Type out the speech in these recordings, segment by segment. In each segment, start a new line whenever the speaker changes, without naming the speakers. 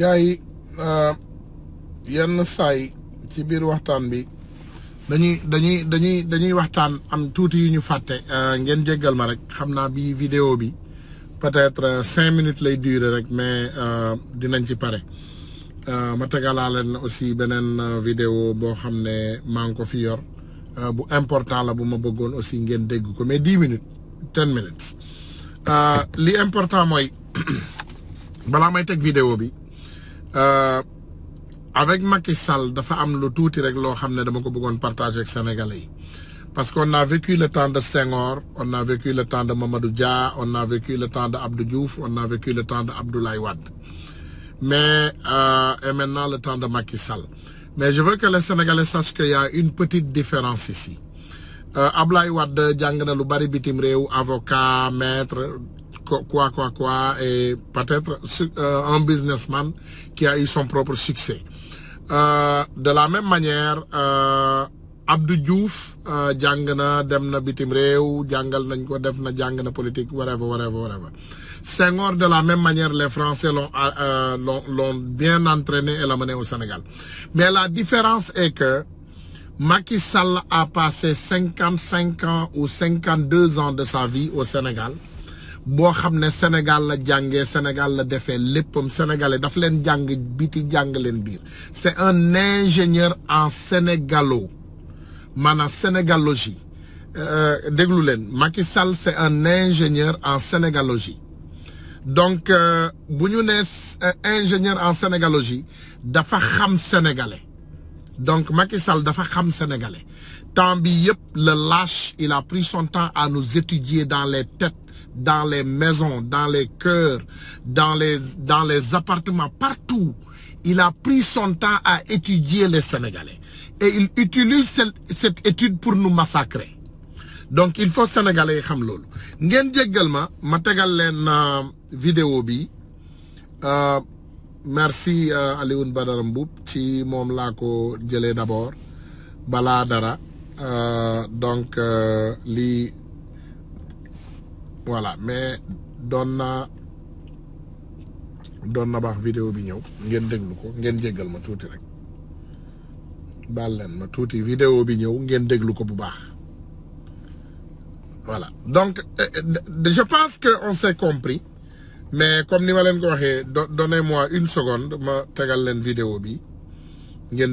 gars yi euh, yenn saay ci biir waxtaan bi dañuy dañuy dañuy dañuy waxtaan am tuuti yu ñu fàtte euh, ngeen jéggal ma rek xam naa bi vidéo bi peut-être euh, cinq minutes lay durer rek mais dinañ ci pare ma tegalaa leen aussi beneen vidéo boo xam ne maa ngi ko fi yor bu important la bu ma bëggoon aussi ngeen dégg ko mais dix minutes ten minutes li important mooy balaa may teg vidéo bi Euh, avec Macky Sall il am a tout rek que je dama ko les partager sénégalais parce qu'on a vécu le temps de Senghor on a vécu le temps de Mamadou Dia on a vécu le temps de Abdou Diouf on a vécu le temps de Abdoulaye mais euh, et maintenant le temps de Macky Sall mais je veux que les Sénégalais sachent qu'il y a une petite différence ici euh, Abdoulaye Wade de na lu avocat maître quoi, quoi, quoi, et peut-être euh, un businessman qui a eu son propre succès. Euh, de la même manière, euh, Abdou Diouf Djangana, euh, Demna politique whatever whatever whatever Senghor de la même manière les Français l'ont bien entraîné et mené au Sénégal mais la différence est que Macky Sall a passé 55 ans ou 52 ans de sa vie au Sénégal bo xamne ne la jangé Senegal la defee léppam sénégalais daf leen jàng biti jàng leen bir c'est un ingénieur en sénégalo maanaam sénégalogie euh, déglu leen Macky Sall c'est un ingénieur en sénégalogie donc euh, buñu euh, ingénieur en sénégalogie dafa xam sénégalais donc Macky Sall dafa xam sénégalais Tant le lâche il a pris son temps à nous étudier dans les têtes dans les maisons dans les cœurs dans les dans les appartements partout il a pris son temps à étudier les Sénégalais et il utilise cette, étude pour nous massacrer donc il faut Sénégalais les Sénégalais également, vidéo euh, merci à euh, Léon Mboup d'abord Baladara. Euh, donc euh, voilà mais donne donna vidéo bi ngeen déglu ko ngeen ma rek vidéo bi voilà donc euh, je pense que on s'est compris mais comme ni ma donnez-moi une seconde ma tégal la vidéo bi ngeen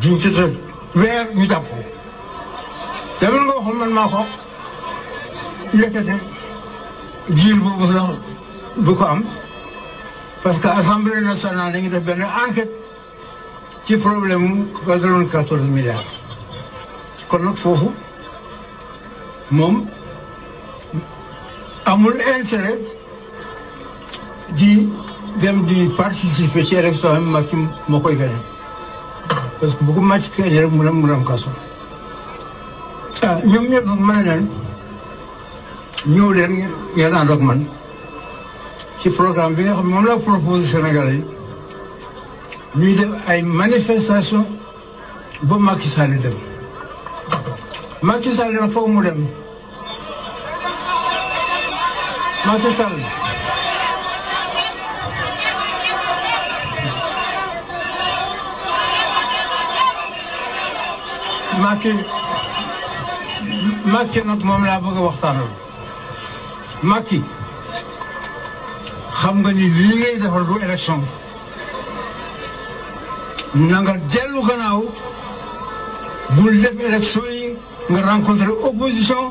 duñ ci weer ñu jàpp ko. dama nga waxoon man maa ko lekkate jiir boobu sax du ko am parce que assemblée nationale dañuy def benn enquête ci problème mu vingt quatorze milliards. kon nag foofu moom amul intérêt ji dem di participer ci élection ma ci moo koy parce que bëggu maa ci kër yi rek mu dem mu dem leen ñëw leen ngeen ànd ak man ci programme bi nga xam ne moom laa proposé Sénégalais yi ñuy def ay manifestation ba Macky Sall dem Macky Sall nag foog mu dem Macky Macky Macky nag moom laa bëgg a waxtaanal Macky xam nga ni lii ngay defar du élection na nga dellu gannaaw bul def élection yi nga rencontré opposition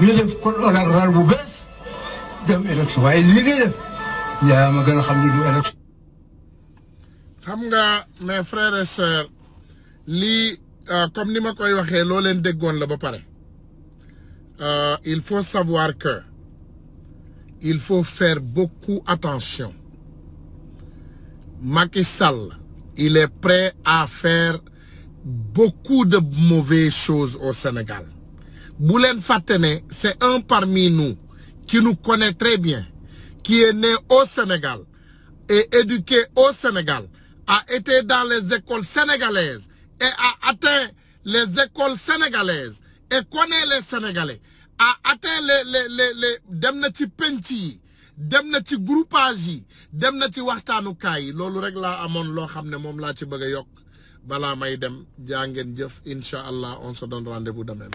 ñu def code électoral bu bees dem élection waaye lii ngay def yaa ma gën a xam ni du élection.
xam nga mes frères et sœurs lii. Euh, comme ni ma koy euh, il faut savoir que il faut faire beaucoup attention Macky Sall il est prêt à faire beaucoup de mauvaises choses au Sénégal Boulen Fatene, c'est un parmi nous qui nous connaît très bien qui est né au Sénégal et éduqué au Sénégal a été dans les écoles sénégalaises et a atteint les écoles sénégalaises et connaît les Sénégalais a atteint les les les les dem na ci penc yi ci groupage yi dem na ci waxtaanukaay yi loolu rek laa amoon loo xam ne moom ci bëgg yok bala may dem jaa jëf on se donne rendez-vous demain